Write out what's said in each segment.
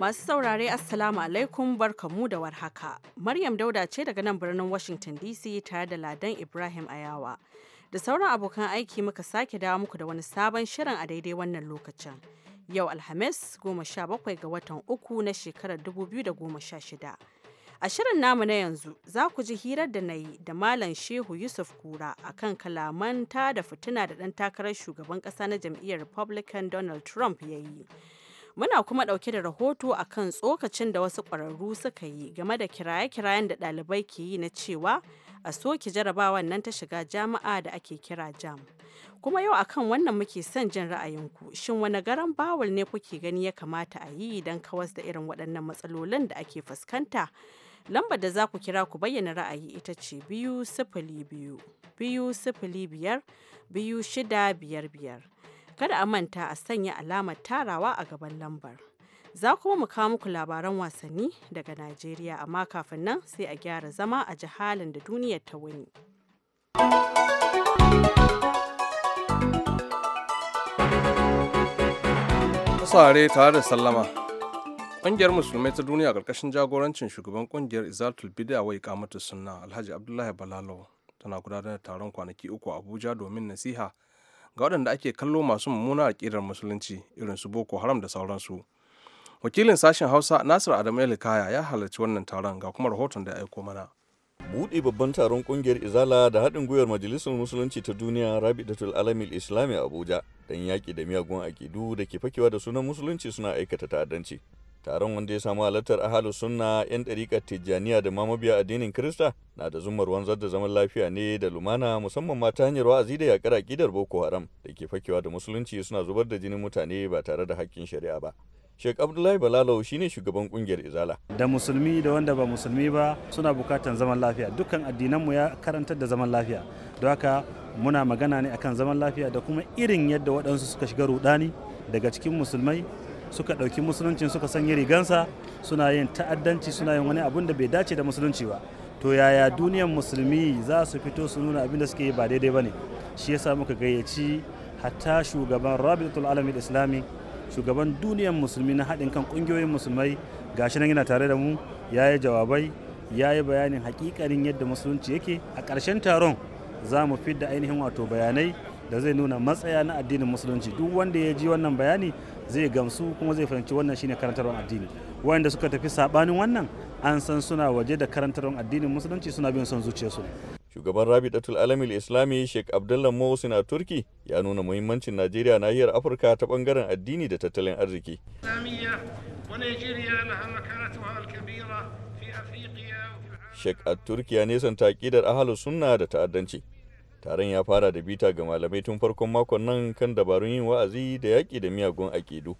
Masu saurare Assalamu alaikum barkamu da warhaka. Maryam Dauda ce daga nan birnin Washington DC tare da Ladan Ibrahim Ayawa. Da sauran abokan aiki muka sake dawo muku da wani sabon shirin a daidai wannan lokacin. Yau Alhamis 17 ga watan uku na shekarar 2016. A shirin namu na yanzu za ku ji hirar da na yi da Malam Shehu Yusuf Kura akan kalaman ta da fituna da ɗan takarar shugaban ƙasa na jam'iyyar Republican Donald Trump ya yi. Muna kuma ɗauke da rahoto a kan tsokacin da wasu ƙwararru suka yi game da kiraye-kirayen da ɗalibai ke yi na cewa a soke jarabawan nan ta shiga jami'a da ake kira jam. Kuma yau akan wannan muke son jin ra'ayinku, shin wani garan bawul ne kuke gani ya kamata a yi don kawas da irin waɗannan matsalolin da ake fuskanta? Lambar da za ku kira ku bayyana ra'ayi ita ce biyu sifili biyu, biyu sifili biyar, biyu shida biyar biyar. Kada a manta a sanya alamar tarawa a gaban lambar. Za kuma mu kawo muku labaran wasanni daga Najeriya amma kafin nan sai a gyara zama a jihalin da duniyar ta wuni. Tsare tare da sallama. Ƙungiyar Musulmai ta duniya ƙarƙashin jagorancin shugaban ƙungiyar Izatul Bida wai kamata sunna Alhaji Abdullahi Balalo tana gudanar da taron kwanaki uku a Abuja domin nasiha ga waɗanda ake kallo masu mummuna aƙidar musulunci irin su boko haram da sauransu wakilin sashen hausa nasir adamu elikaya ya halarci wannan taron ga kuma rahoton da ya aiko mana buɗe babban taron ƙungiyar izala da haɗin gwiwar majalisar musulunci ta duniya rabi rabidatul alamil islami abuja don yaƙi da miyagun aƙidu da ke fakewa da sunan musulunci suna aikata ta'addanci taron wanda ya samu halartar ahalus sunna yan ɗariƙar tijjaniya da ma mabiya addinin kirista na da zumar wanzar da zaman lafiya ne da lumana musamman ma ta hanyar wa'azi da yaƙar aƙidar boko haram da ke fakewa da musulunci suna zubar da jinin mutane ba tare da haƙƙin shari'a ba Sheikh Abdullahi Balalau shine shugaban kungiyar Izala. Da musulmi da wanda ba musulmi ba suna bukatan zaman lafiya. Dukkan addinanmu ya karantar da zaman lafiya. Don haka muna magana ne akan zaman lafiya da kuma irin yadda waɗansu suka shiga ruɗani daga cikin musulmai suka ɗauki musulunci suka sanya rigansa suna yin ta'addanci suna yin wani abun da bai dace da musulunci ba to yaya duniyar musulmi za su fito su nuna abin da suke yi ba daidai ba ne shi ya sa muka gayyaci hatta shugaban rabitul alamin islami shugaban duniyar musulmi na haɗin kan ƙungiyoyin musulmai gashi nan yana tare da mu ya yi jawabai ya yi bayanin hakikanin yadda musulunci yake a ƙarshen taron za mu fidda ainihin wato bayanai da zai nuna matsaya na addinin musulunci duk wanda ya ji wannan bayani zai gamsu kuma zai fahimci wannan shine karantarwar addini wayanda suka tafi sabanin wannan an san suna waje da karantarwar addinin musulunci suna bin son su. shugaban rabi datul alamil islami sheikh abdullah mawusi na turki ya nuna muhimmancin najeriya nahiyar afirka ta bangaren addini da tattalin arziki sheikh a Turkiya nesan nesanta ahalus sunna da ta'addanci taron ya fara da bita ga malamai tun farkon makon nan kan dabarun yin wa'azi da yaƙi da miyagun aƙidu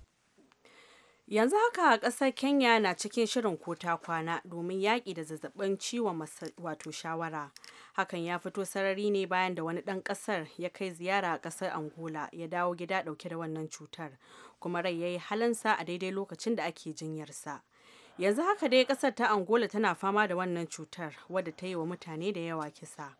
yanzu haka ƙasar kenya na cikin shirin kota kwana domin yaƙi da zazzabin ciwon wato shawara hakan ya fito sarari ne bayan da wani ɗan ƙasar ya kai ziyara a ƙasar angola ya dawo gida ɗauke da wannan cutar kuma rai ya yi halansa a daidai lokacin da ake jinyarsa yanzu haka dai ƙasar ta angola tana fama da wannan cutar wadda ta yi wa mutane da yawa kisa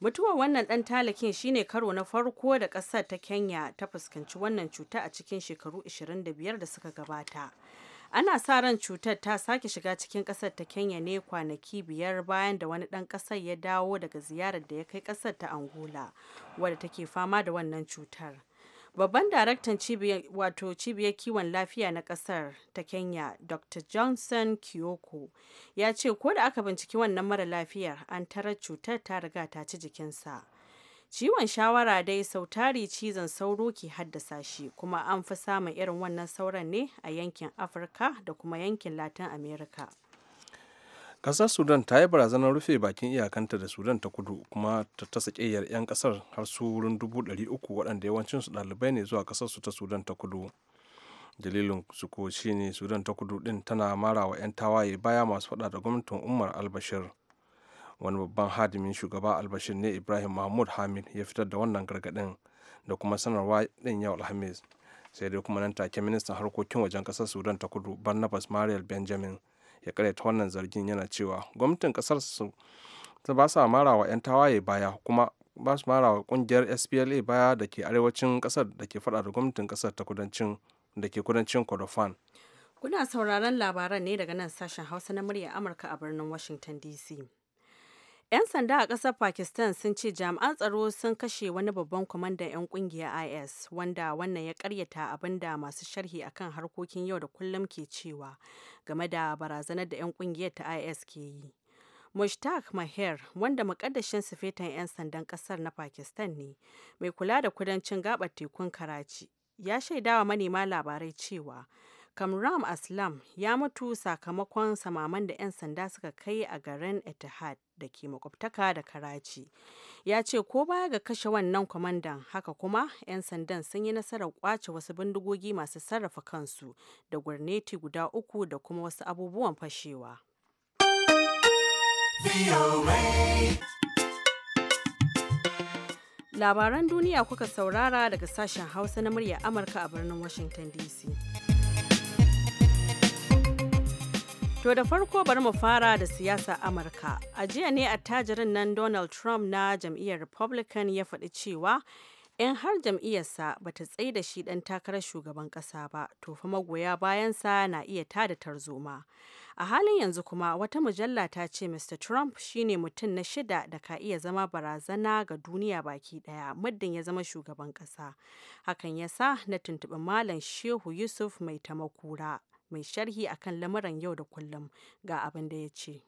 Mutuwar wannan dan talakin shine karo na farko da ƙasar ta Kenya ta fuskanci wannan cuta a cikin shekaru 25 da suka gabata. Ana sa ran cutar ta sake shiga cikin ƙasar ta Kenya ne kwanaki biyar bayan da wani dan ƙasar ya dawo daga ziyarar da ya kai ƙasar ta Angola, wadda take fama da wannan cutar. Babban daraktan wato cibiyar kiwon lafiya na kasar ta Kenya, Dr. Johnson Kyoko, ya ce ko da aka binciki wannan mara lafiyar an tarar cutar ta riga ta ci jikinsa. Ciwon shawara dai sautari cizon sauro ke haddasa shi kuma an fi samun irin wannan sauran ne a yankin Afirka da kuma yankin Latin America. kasar sudan ta yi barazanar rufe bakin iyakanta da sudan ta kudu kuma ta tasa ƙeyar 'yan kasar har su wurin dubu ɗari uku waɗanda yawancinsu ɗalibai ne zuwa kasar su ta sudan ta kudu dalilin su ko shine sudan ta kudu din tana mara wa 'yan tawaye baya masu faɗa da gwamnatin umar albashir wani babban hadimin shugaba albashir ne ibrahim mahmud hamid ya fitar da wannan gargaɗin da kuma sanarwa ɗin yau alhamis sai dai kuma nan take ministan harkokin wajen ƙasar sudan ta kudu barnabas mariel benjamin ya karyata wannan zargin yana cewa gwamnatin kasar su ba sa mara wa 'yan tawaye baya kuma ba su mara wa kungiyar spla baya da ke arewacin kasar da ke fada da gwamnatin kasar ta kudancin da ke kudancin kordofan kuna sauraron labaran ne daga nan sashen hausa na murya amurka a birnin washington dc 'Yan sanda a ƙasar Pakistan sun ce jami'an tsaro sun kashe wani babban kwamandan 'yan kungiyar IS wanda wannan ya karyata abin da masu sharhi akan harkokin yau da kullum ke cewa game da barazanar da 'yan kungiyar ta IS ke yi. Mushtaq Maher, wanda makaddashin sufetan 'yan sandan ƙasar na Pakistan ne, mai kula da kudancin gabar tekun Karachi, ya shaidawa manema labarai cewa Kamram Aslam ya mutu sakamakon samaman da 'yan sanda suka kai a garin Etihad da ke makwabtaka da Karachi. Ya ce ko baya ga kashe wannan kwamandan haka kuma 'yan sandan sun yi nasarar kwace wasu bindigogi masu sarrafa kansu da gwarneti guda uku da kuma wasu abubuwan fashewa. Labaran duniya kuka saurara daga sashen Hausa na murya Amurka a birnin Washington DC. To da farko bari mu fara da siyasa Amurka. A jiya ne attajirin nan Donald Trump na jam'iyyar Republican ya faɗi cewa in har jam'iyyarsa ba ta tsaye da shi ɗan takarar shugaban ƙasa ba, to fa magoya bayansa na iya tada tarzoma. A halin yanzu kuma wata mujalla ta ce Mr. Trump shine mutum na shida da ka iya zama barazana ga duniya baki ɗaya muddin ya zama shugaban ƙasa. Hakan ya sa na tuntuɓi Malam Shehu Yusuf mai tamakura. mai sharhi akan lamuran yau da kullum ga abin da ya ce.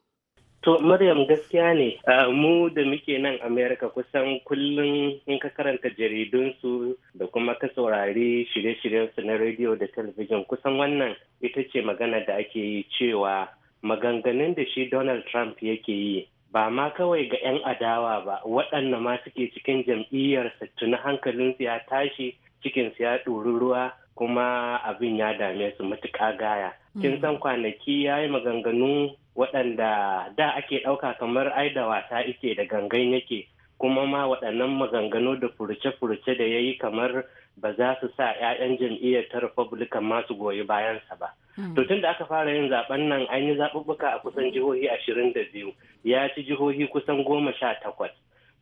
To Maryam gaskiya ne mu da muke nan Amerika kusan kullum in ka karanta jaridunsu da kuma ka saurari shirye-shiryensu na rediyo da talabijin kusan wannan ita ce magana da ake yi cewa maganganun da shi Donald Trump yake yi ba ma kawai ga 'yan adawa ba waɗanda ma suke cikin jam'iyyarsa tuni hankalinsu ya tashi cikinsu ya ɗori kuma abin ya dame su matuƙa gaya mm. kin san kwanaki ya yi maganganu waɗanda da ake ɗauka kamar ai da wasa ike da gangan yake kuma ma waɗannan maganganu da furuce-furuce da ya yi kamar ba za su sa 'ya'yan jam'iyyar ta republican masu goyi bayansa ba. Mm. To tun da aka fara yin zaben nan an yi zaɓuɓɓuka a kusan jihohi ashirin da biyu ya ci jihohi kusan goma sha takwas.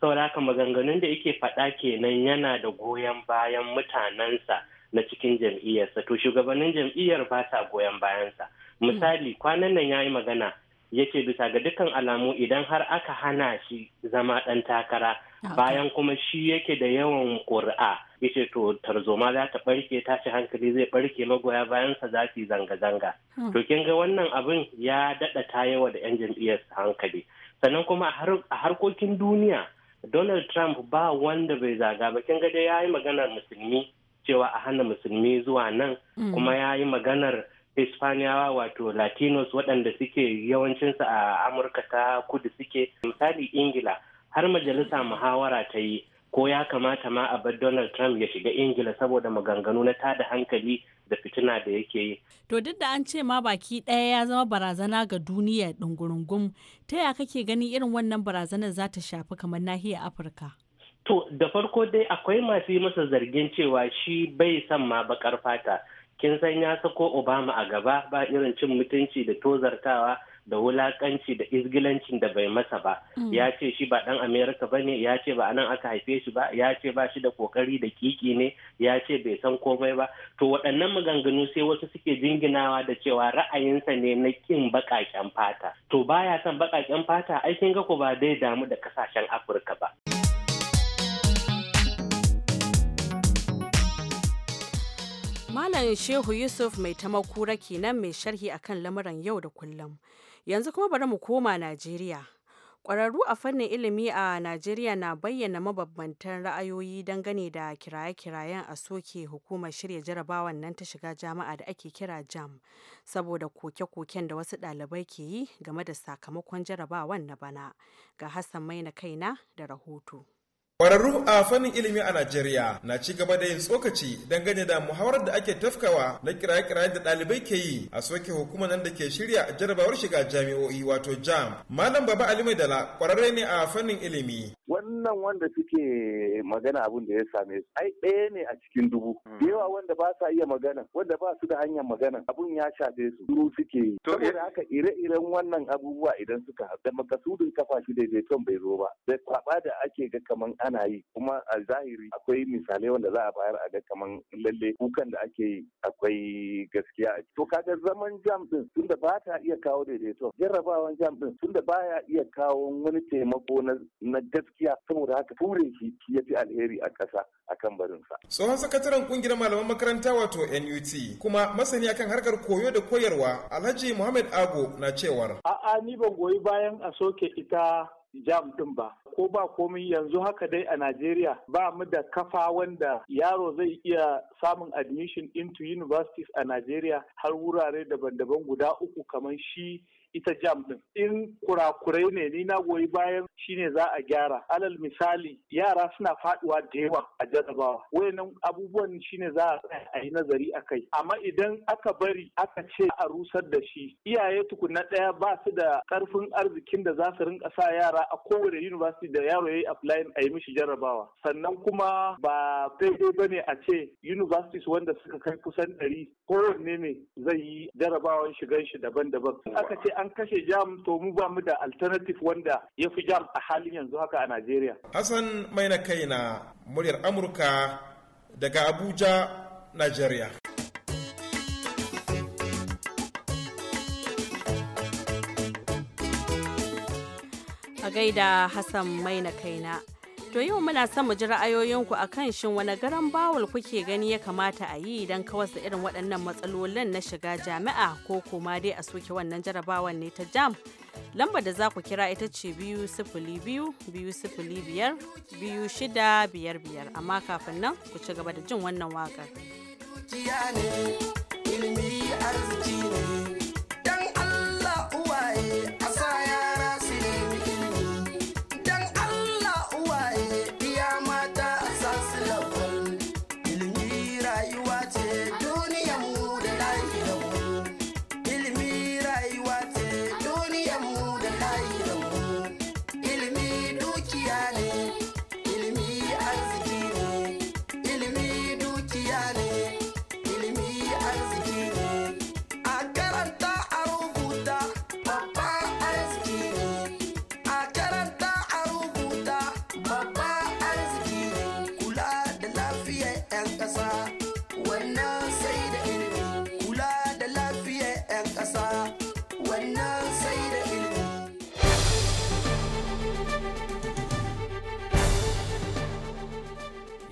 Saboda haka maganganun da yake faɗa kenan yana da goyon bayan mutanensa na cikin jam'iyyarsa to shugabannin jam'iyyar ba sa goyon bayansa misali kwanan nan ya yi magana yake bisa ga dukkan alamu idan har aka hana shi zama ɗan takara ah, bayan kuma shi yake da yawan ƙuri'a yace to tarzoma za ta ɓarke tashi hankali zai ɓarke magoya bayansa za su zanga-zanga hmm. to kin ga wannan abin ya daɗa tayewa da 'yan jam'iyyar hankali sannan kuma a harkokin duniya donald trump ba wanda bai zaga ba kin ga dai ya yi maganar musulmi cewa a hana musulmi zuwa nan mm. kuma ya yi maganar hispaniyawa wato latinos waɗanda suke yawancinsa a amurka ta kudu suke misali ingila har majalisa muhawara ta yi ko ya kamata ma a bar donald trump ya shiga ingila saboda maganganu na tada hankali da fitina da yake yi to duk da an ce ma baki ɗaya ya zama barazana ga duniya ɗungurungun ta ya kake ganin irin wannan barazanar za ta shafi kamar nahiyar afirka To da farko dai akwai masu yi masa zargin cewa shi bai san ma bakar fata. Kin san ya sako Obama a gaba ba irin cin mutunci da tozartawa da wulakanci da izgilancin da bai masa ba. Mm. Ya ce shi ba dan Amerika ba ne, ya ce ba anan aka haife shi ba, ya ce ba shi da kokari da kiki ne, ya ce bai san komai ba. To waɗannan maganganu sai wasu suke jinginawa da cewa ra'ayinsa ne na kin baƙaƙen fata. To baya son baƙaƙen fata aikin kin ga ko ba dai damu da ƙasashen Afirka ba. Malam Shehu Yusuf mai tamakura kenan mai sharhi akan lamuran yau da kullum. Yanzu kuma bari mu koma Najeriya. Ƙwararru a fannin ilimi a Najeriya na bayyana mabambantan ra'ayoyi dangane da kiraye-kirayen a soke hukumar shirya jarabawan nan ta shiga jama'a da ake kira jam saboda koke-koken da wasu ɗalibai ke yi game da sakamakon jarabawan na bana. Ga Hassan Maina kaina da rahoto. Kwararru a fannin ilimi a Najeriya na ci gaba da yin tsokaci dangane da muhawarar da ake tafkawa na kiraye kiraye da ɗalibai ke yi a soke hukumar nan da ke shirya jarabawar shiga jami'o'i wato jam. Malam Baba Ali Maidala ƙwararre ne a fannin ilimi. Wannan wanda suke magana abin da ya same su ai ɗaya ne a cikin dubu. Hmm. Da yawa wanda ba sa iya magana wanda ba su da hanyar magana abun ya shafe su duru suke yi. Saboda eh, haka ire-iren wannan abubuwa idan suka da makasudin kafa shi daidaiton bai zo ba. Da kwaɓa da ake ga kaman ana yi kuma a zahiri akwai misalai wanda za a bayar a ga kaman lalle kukan da ake yi akwai gaskiya to kaga zaman jam din tunda ba ta iya kawo daidaito jarrabawan jam din tunda ya iya kawo wani taimako na gaskiya saboda haka fure shi ya fi alheri a ƙasa akan barinsa tsohon sakataren kungiyar malaman makaranta wato NUT kuma masani akan harkar koyo da koyarwa Alhaji Muhammad Ago na cewar a'a ni ban goyi bayan a soke ita jam ɗin ba ko ba komai yanzu haka dai a Najeriya ba mu da kafa wanda yaro zai iya samun admission into universities a Najeriya har wurare daban-daban guda uku kamar shi ita jam din in kurakurai ne ni na goyi bayan shine za a gyara alal misali yara suna faduwa da yawa a jarabawa wayannan abubuwan shine za a yi nazari a kai amma idan aka bari aka ce a rusar da shi iyaye tukunna daya ba su da karfin arzikin da za su rinka sa yara a kowane university da yaro yayi applying a yi mishi jarabawa sannan kuma ba daidai ne a ce universities wanda suka kai kusan ɗari kowanne ne zai yi jarabawan shigan shi daban-daban aka ce an kashe jam to mu ba mu da alternative wanda ya fi jam a halin yanzu haka a Najeriya. Hassan mai na kai na muryar Amurka daga Abuja, Najeriya. A gaida Hassan mai na kaina. To yau muna son mu ji ra'ayoyinku a kan shin wani garan bawul kuke gani ya kamata a yi idan ka da irin waɗannan matsalolin na shiga jami'a ko kuma dai a soke wannan jarabawan ne ta jam. Lambar da za ku kira ita ce biyu sifili biyu biyu sifili biyar biyu shida biyar biyar amma kafin nan ku ci gaba da jin wannan waƙar. Ilimi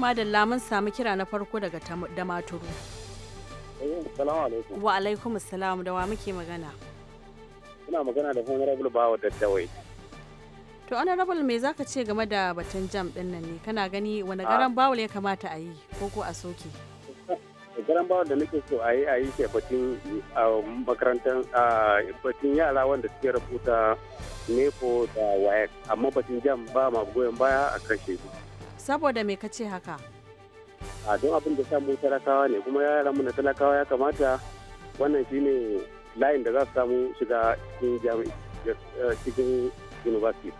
madalla mun samu kira na farko daga damaturu. Eh, wa alaikum salam da wa muke magana. Ina magana da Honorable Bawa Daddawai. To Honorable me zaka ce game da batun jam din nan ne kana gani wani ah. garan bawul ya kamata a yi ko ko a soke? Garan bawul da nake so a yi a yi ke batun makarantar batun yara wanda suke rubuta nepo da wayak amma batun jam ba ma goyon baya a kashe su. Saboda me kace haka? A don abin da samu talakawa ne kuma yaran mu na talakawa ya kamata wannan shine layin da za su samu shiga cikin eh, cikin university.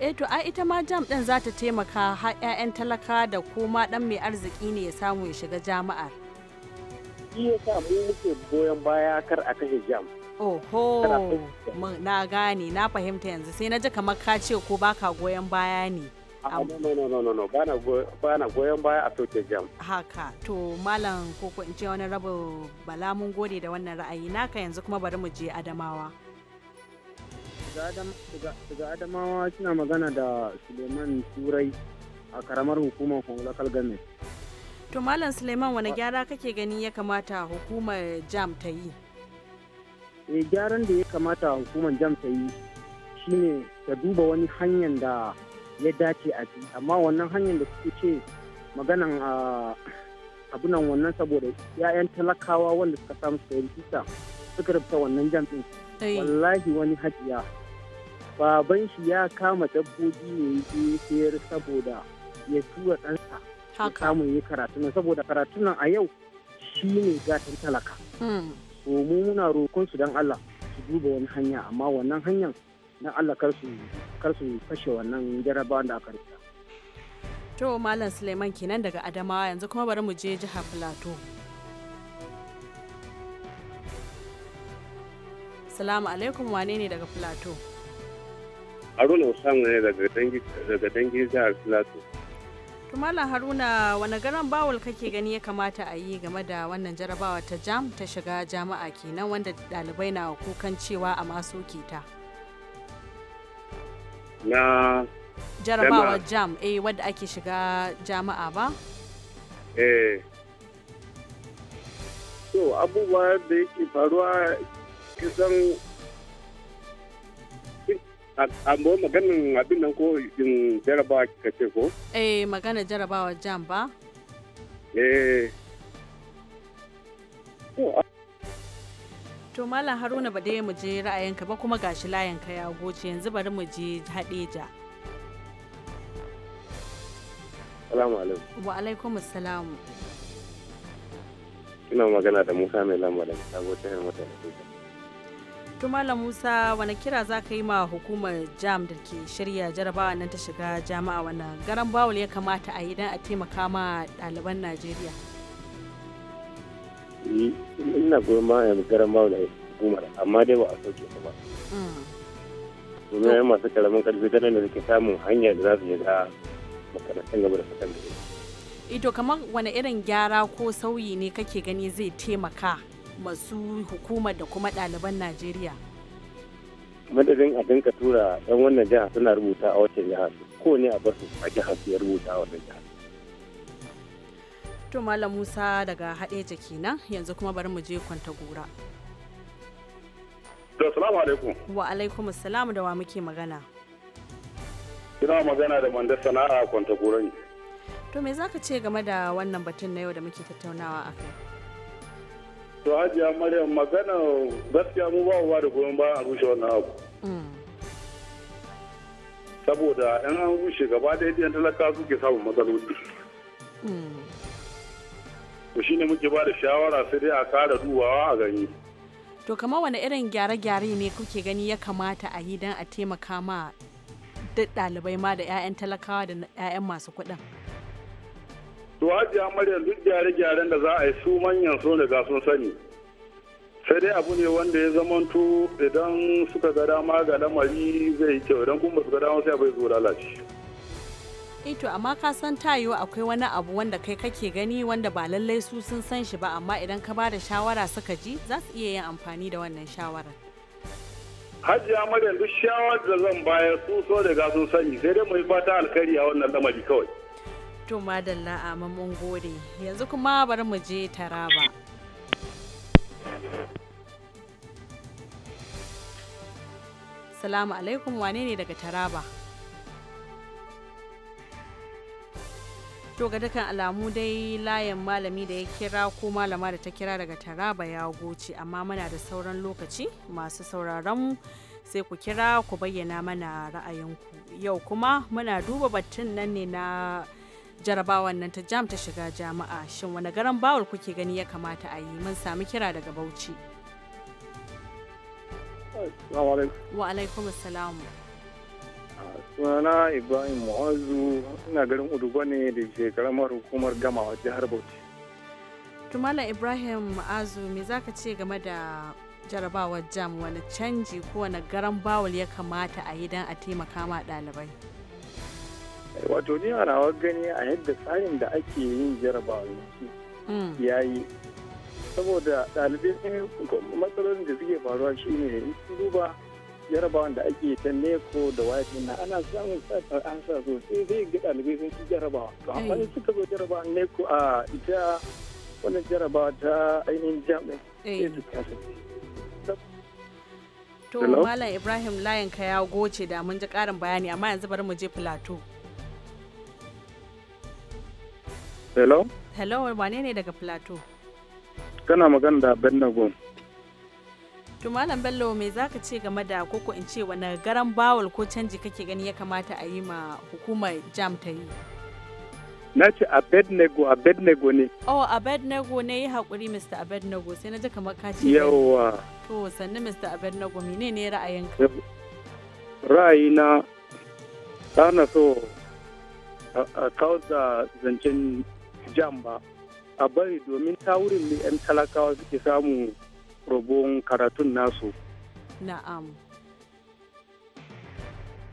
Eh to a ita ma jam din za ta taimaka har 'ya'yan talaka da kuma dan mai arziki ne ya samu ya shiga jami'ar. iya sa mu muke goyon baya kar a kashe jam. Oho, na gane, na fahimta yanzu sai na ji kamar ka ce ko baka goyon baya ne. no no no no bana goyon baya a soke jam haka to malam koko in ce wani rabu bala mun gode da wannan ra'ayi naka yanzu kuma bari mu je adamawa daga adamawa suna magana da suleiman turai a karamar hukumar local government to malam suleiman wani gyara kake gani ya kamata hukumar jam ta yi e gyaran da ya kamata hukumar jam ta yi shine ta duba wani hanyar da ya dace a bi amma wannan hanyar da suke ce maganan abunan wannan saboda 'ya'yan talakawa wanda suka samu sayan yi suka rubuta wannan jam'in wallahi wani hajiya baban shi ya kama dabbobi ne ya sayar saboda ya tura ɗansa ya kama ya karatu nan saboda karatu a yau shi ne gatan talaka. Hmm. mu muna roƙon su don Allah su duba wani hanya amma wannan hanyar na Allah kar su kashe wannan jarabawan da aka rubuta. To Malam Suleiman kenan daga Adamawa yanzu kuma bari mu je jihar Plateau. Salamu alaikum wane ne daga Plateau? Haruna Usama ne daga dangi jihar Plateau. To Malam Haruna wani garan bawul kake gani ya kamata a yi game da wannan jarabawa ta jam ta shiga jama'a kenan wanda ɗalibai na kukan cewa a masu ta. na jarabawa jam a eh, wadda ake shiga jama'a ba eh so abubuwa da yake faruwa kisan amma maganin abin nan ko in jarabawa kika ce ko eh magana jarabawa jam ba eh To Malam Haruna ba dai mu je ra'ayinka ba kuma gashi layinka ya goce yanzu bari mu je Hadeja. Salamu alaikum. Wa alaikum salam. Ina magana da Musa mai lamba da ta goce hanyar mata da To Malam Musa wani kira za ka yi ma hukumar jam da ke shirya jarabawa nan ta shiga jama'a wannan garan bawul ya kamata a yi don a taimaka ma ɗaliban Najeriya. ina goyon bayan garan da hukumar amma dai ba a sauke ba domin masu karamin karfi ta da suke samun hanya da za su shiga makarantar gaba da sakandare ito kamar wani irin gyara ko sauyi ne kake gani zai taimaka masu hukumar da kuma ɗaliban najeriya madadin a dinka tura ɗan wannan jiha suna rubuta a wacce jiha ko ne a bar su a jiha su ya rubuta a wannan jiha to malam musa daga haɗeja kenan yanzu kuma bari mu je kwanta gora da salamu alaikum wa alaikum assalam da wa muke magana ina magana da manda sana'a kwanta gora ne to me zaka ce game da wannan batun na yau da muke tattaunawa a kai to hajiya maryam magana gaskiya mu ba da goyon bayan a rushe wannan abu mm. saboda yan an rushe gaba da yadda talaka suke samun matsaloli mm. to ne muke ba da shawara sai dai a kara dubawa a gani to kamar wani irin gyare-gyare ne kuke gani ya kamata a yi don a taimaka ma duk ɗalibai ma da 'ya'yan talakawa da 'ya'yan masu kuɗin to hajiya amarya duk gyare-gyaren da za a yi su manyan sun riga sun sani sai dai abu ne wanda ya zamanto idan suka ga dama ga lamari zai yi kyau idan kuma su ga dama sai bai zo lalace Eh to amma ka san tayo akwai wani abu wanda kai kake gani wanda ba lallai su sun san shi ba amma idan ka ba da shawara suka ji za su iya yin amfani da wannan shawarar. hajji Maryam duk shawarar da zan bayar su so da sun sani sai dai mu yi fata alkari a wannan lamari kawai. To madalla a mun gode yanzu kuma bari mu je Taraba. Salamu alaikum wane ne daga Taraba? to ga dukkan alamu dai layin malami da ya kira ko malama da ta kira daga taraba ya goce amma muna da sauran lokaci masu sauraron sai ku kira ku bayyana mana ra'ayinku yau kuma muna duba batun nan ne na jarabawan nan ta jam ta shiga jami'a shin wani garan bawul kuke gani ya kamata a yi mun sami kira daga bauchi wa alaikum sunana ibrahim mu'azu ina garin uduba ne da shekarar hukumar gamawa jihar bauchi tumala ibrahim mu'azu me zaka ce game da jarabawar jam wani canji ko wani garan bawul ya kamata a yi don a taimaka ma ɗalibai wato ni ana gani a yadda tsarin da ake yin jarabawa hmm. ya yi saboda ɗalibai matsalolin da suke faruwa shine in duba jarabawan da ake ta neko da waye na ana samun satar ansa sosai zai ga dalibai sun ci jarabawa to amma ne suka zo jarabawan neko a ita wani jarabawa ta ainihin jami'in to malam ibrahim layin ka ya goce da mun ji karin bayani amma yanzu bari mu je plateau hello hello wane ne daga plateau kana magana da benna gom to malam bello me za ka ce game da koko in ce wani garan bawal ko canji kake gani ya kamata a yi ma hukumar jam ta yi na ce abednego abednego ne oh abednego ne yi haƙuri mr abednego sai na ji kamar ka ce Yawwa. to sannu mr abednego mine ne ra'ayinka ra'ayina na so a kawo da zancen jam ba a bari domin ta wurin ne 'yan talakawa suke samu rubun karatun nasu na'am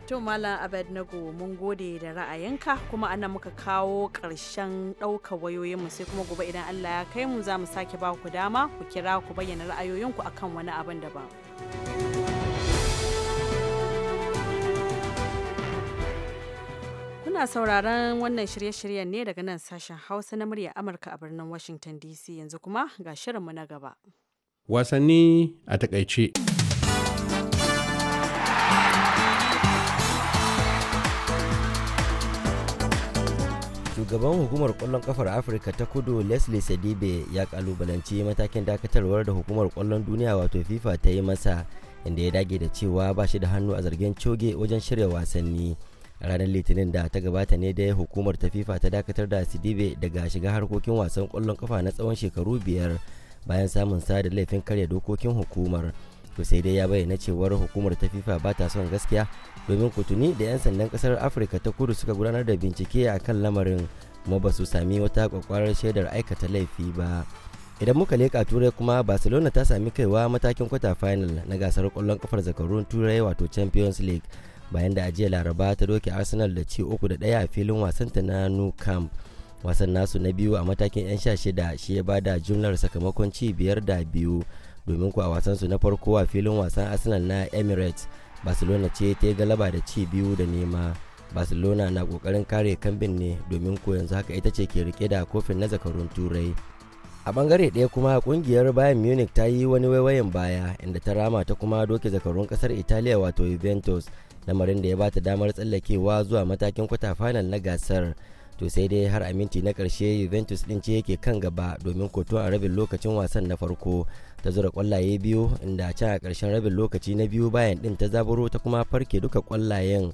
to abednego mun gode da ra'ayinka kuma ana muka kawo ƙarshen ɗauka wayoyinmu sai kuma gobe idan allah ya kai mu za mu sake ba ku dama ku kira ku bayyana ra'ayoyinku akan wani abin daban kuna sauraron wannan shirye-shiryen ne daga nan sashen hausa na murya amurka a birnin washington dc yanzu kuma ga shirinmu na gaba wasanni a takaice. shugaban hukumar kwallon kafar afirka ta kudu leslie sadibe ya kalubalanci matakin dakatarwar da hukumar kwallon duniya wato fifa ta yi masa inda ya dage da cewa ba shi da hannu a zargin coge wajen shirya wasanni ranar litinin da ta gabata ne da hukumar ta fifa ta dakatar da sidibe daga shiga harkokin wasan kwallon kafa na tsawon shekaru biyar bayan samun sada laifin karya dokokin hukumar to sai dai ya bayyana cewar hukumar ta fifa ba ta son gaskiya domin kutuni da 'yan sandan kasar afirka ta kudu suka gudanar da bincike a kan lamarin kuma ba su sami wata kwakwarar shaidar aikata laifi ba idan muka leka turai kuma barcelona ta sami kaiwa matakin kwata final na gasar kwallon kafar zakarun turai wato champions league bayan da ajiya laraba ta doke arsenal da ci uku da daya a filin wasanta na new camp wasan nasu na biyu a matakin 'yan sha shida shi ya bada jumlar sakamakon ci biyar da biyu domin kuwa su na farko a filin wasan arsenal na emirates barcelona ce ta galaba da ci biyu da nema barcelona na kokarin kare kambin ne domin ko yanzu haka ita ce ke rike da kofin na zakarun turai a bangare ɗaya kuma kungiyar bayan munich ta yi wani waiwayin baya inda ta rama ta kuma doke zakarun kasar italiya wato juventus lamarin da ya bata damar tsallakewa zuwa matakin kwata final na gasar to sai dai har a minti na karshe juventus din ce yake kan gaba domin koto a rabin lokacin wasan na farko ta zura kwallaye biyu inda a can a karshen rabin lokaci na biyu bayan din ta zaburo ta kuma farke duka kwallayen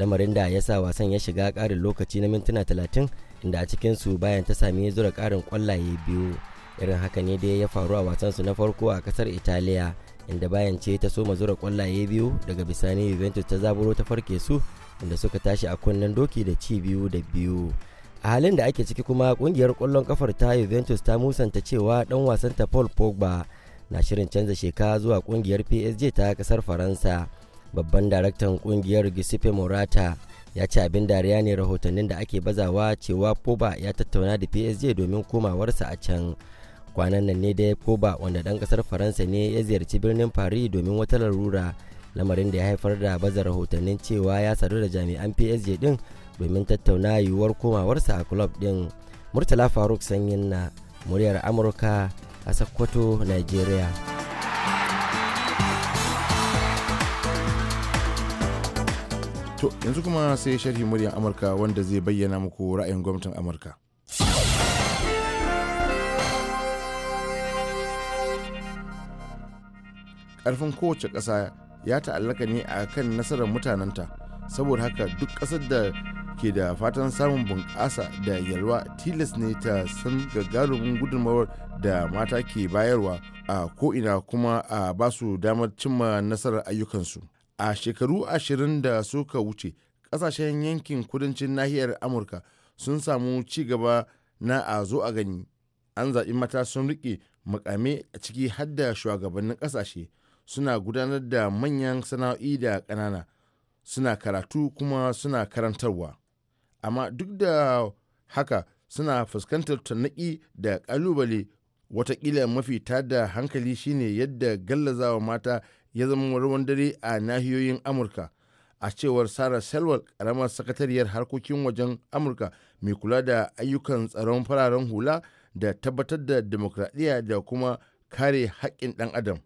lamarin da ya sa wasan ya shiga karin lokaci na mintuna talatin inda a cikinsu bayan ta sami zura karin kwallaye biyu irin haka ne dai ya faru a wasan su na farko a kasar italiya inda bayan ce ta soma zura kwallaye biyu daga bisani juventus ta zaburo ta farke su inda suka tashi a kunnen doki da ci biyu da biyu a halin da ake ciki kuma kungiyar kwallon kafar ta juventus ta musanta cewa dan wasan ta paul pogba na shirin canza sheka zuwa kungiyar psg ta kasar faransa babban daraktan kungiyar giuseppe morata ya ce abin dariya ne rahotannin da ake bazawa cewa pogba ya tattauna da psg domin komawarsa a can kwanan nan ne da pogba wanda dan kasar faransa ne ya ziyarci birnin paris domin wata larura lamarin da ya haifar da bazar rahotannin cewa ya sadu da jami'an psg din domin tattauna yiwuwar komawarsa a club din murtala faruk sanyin na muryar amurka a sakkwato nigeria to yanzu kuma sai sharhi muryar amurka wanda zai bayyana muku ra'ayin gwamnatin amurka karfin kowace ƙasa ya ta'allaka ne a kan nasarar mutanenta saboda haka duk ƙasar da ke da fatan samun bunƙasa da yalwa tilas ne ta san gagarumin gudunmawar da mata ke bayarwa a ko'ina kuma a basu damar cimma nasarar ayyukansu a shekaru ashirin da suka wuce ƙasashen yankin kudancin nahiyar amurka sun samu ci gaba na a zo a gani an zaɓi mata sun riƙe makame a ciki hadda shugabannin ƙasashe suna gudanar da manyan sana'o'i da ƙanana suna karatu kuma suna karantarwa amma duk da haka suna fuskantar tanaki da ƙalubale watakila mafi tada hankali shine yadda gallazawa mata ya zama rawan dare a nahiyoyin amurka a cewar sarah selwal karamar sakatariyar harkokin wajen amurka mai kula da ayyukan tsaron fararen hula da tabbatar da demokradiyya da kuma kare haƙƙin ɗan adam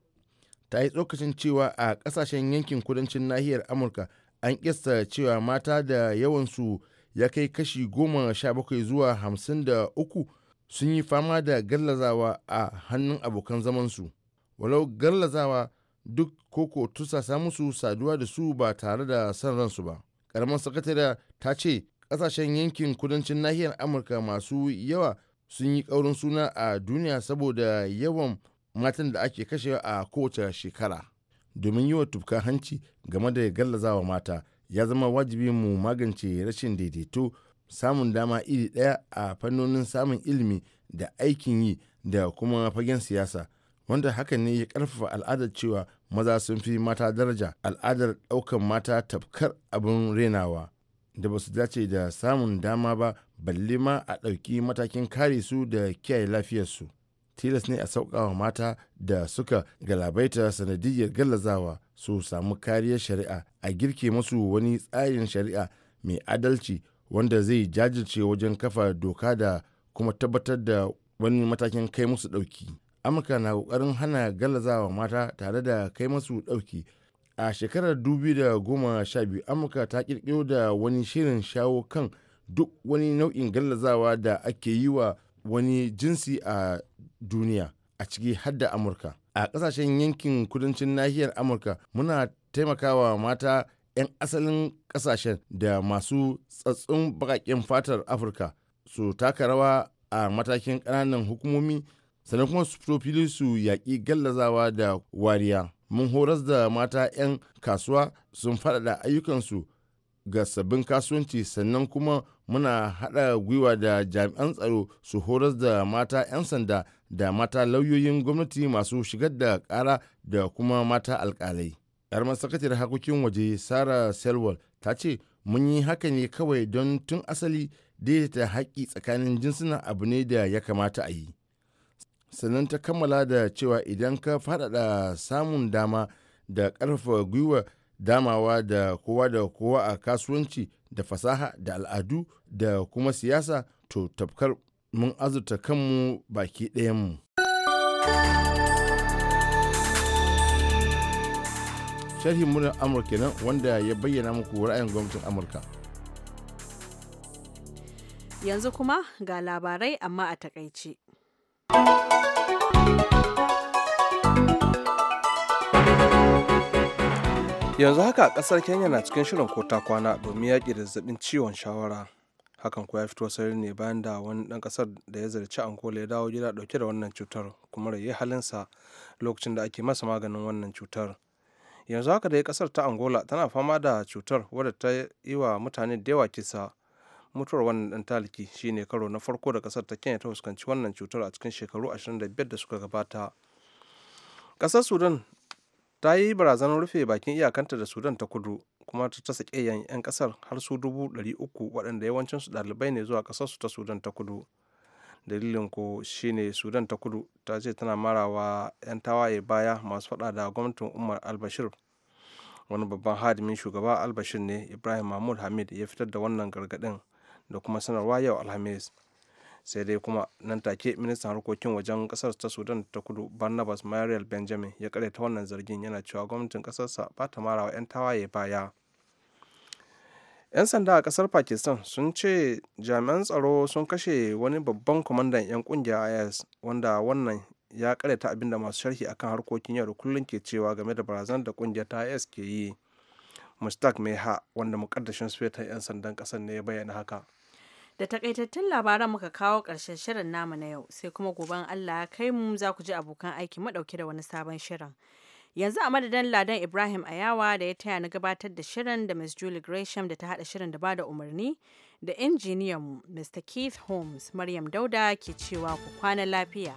ta yi tsokacin cewa a kasashen yankin kudancin nahiyar amurka an kista cewa mata da yawansu ya kai kashi goma sha bakwai zuwa hamsin da uku sun yi fama da gallazawa a hannun abokan zamansu walau gallazawa duk koko sa musu saduwa da su ba tare da son ransu ba karamar sakatare ta ce kasashen yankin kudancin nahiyar amurka masu yawa sun yi ƙaurin suna a duniya saboda yawan matan da ake kashewa a kowace shekara domin yi wa tufka hanci game da gallazawa mata ya zama wajibi mu magance rashin daidaito samun dama iri ɗaya a fannonin samun ilimi da aikin yi da kuma fagen siyasa wanda hakan ne ya karfafa al'adar cewa maza sun fi mata daraja al'adar ɗaukan mata tafkar abin renawa da ba su dace da samun dama ba balle ma a ɗauki matakin kare su da kiyaye lafiyarsu tilas ne a sauƙawa mata da suka galabaita sanadiyyar gallazawa su samu kariyar shari'a a girke masu wani tsarin shari'a mai adalci wanda zai jajirce wajen kafa doka da kuma tabbatar da wani matakin kai musu ɗauki amurka na ƙoƙarin hana gallazawa mata tare da kai musu ɗauki a shekarar 2012 amurka ta ƙirƙiro da wani shirin shawo kan duk wani nau'in gallazawa da ake yi wa wani jinsi a duniya a ciki har da amurka a kasashen yankin kudancin nahiyar amurka muna taimakawa mata 'yan asalin kasashen da masu tsatsun bakaken fatar afirka su taka rawa a matakin ƙananan hukumomi sannan kuma su fito fili su yaƙi gallazawa da wariya mun horas da mata 'yan kasuwa sun faɗaɗa ayyukansu ga sabbin kasuwanci sannan kuma muna haɗa gwiwa da jami'an tsaro su horas da mata 'yan sanda da mata lauyoyin gwamnati masu shigar da ƙara da kuma mata alƙalai. yar sakatar harkokin waje sarah selwell ta ce mun yi haka ne kawai don tun asali daidaita haƙƙi tsakanin jinsuna abu ne da ya kamata a yi sannan ta kammala da cewa idan ka faɗaɗa samun dama da ƙarfafa gwiwa damawa da kowa da kowa a kasuwanci da fasaha da al'adu da kuma siyasa to tafkar mun azurta kanmu baki ɗayanmu. sharhin murnar amurka nan wanda ya bayyana muku ra'ayin gwamnatin amurka yanzu kuma ga labarai amma a takaice. yanzu haka kasar kenya na cikin shirin kota kwana domin yaƙi da zazzabin ciwon shawara hakan ko ya fito sarari ne bayan da wani ɗan ƙasar da ya zarci angola ya dawo gida ɗauke da wannan cutar kuma rayu halinsa lokacin da ake masa maganin wannan cutar yanzu haka dai ƙasar ta angola tana fama da cutar wadda ta yi wa mutane da yawa kisa mutuwar wannan ɗan taliki shine karo na farko da ƙasar ta kenya ta fuskanci wannan cutar a cikin shekaru 25 da suka gabata ƙasar sudan ta yi barazanar rufe bakin iyakanta da sudan ta kudu kuma ta ta ƙeyayen 'yan ƙasar har su dubu ɗari uku waɗanda yawancinsu ɗalibai ne zuwa su ta sudan ta kudu dalilin ko shine sudan ta kudu ta ce tana marawa 'yan tawaye baya masu faɗa da gwamnatin umar albashir wani babban hadimin shugaba albashir ne ibrahim mahmud hamid ya fitar da wannan gargaɗin da kuma sanarwa yau alhamis sai dai kuma nan take ministan harkokin wajen kasar ta sudan ta kudu barnabas mariel benjamin ya karyata wannan zargin yana cewa gwamnatin kasarsa ba ta marawa 'yan tawaye baya 'yan sanda a kasar pakistan sun ce jami'an tsaro sun kashe wani babban kwamandan 'yan kungiyar is wanda wannan ya karyata abin da masu sharhi akan harkokin yau da kullum ke cewa game da barazanar da kungiyar ta is ke yi mustak meha wanda mukaddashin sufetan 'yan sandan kasar ne ya bayyana haka Da takaitattun labaran muka kawo ƙarshen shirin namu na yau sai kuma goben Allah ya kai mu za ku ji abokan aiki madauke da wani sabon shirin. Yanzu a madadin Ladan Ibrahim Ayawa da ya taya na gabatar da shirin da Miss Julie Gresham da ta haɗa shirin da bada umarni da injiniyan Mr. Keith Holmes Maryam Dauda ke cewa ku kwana lafiya.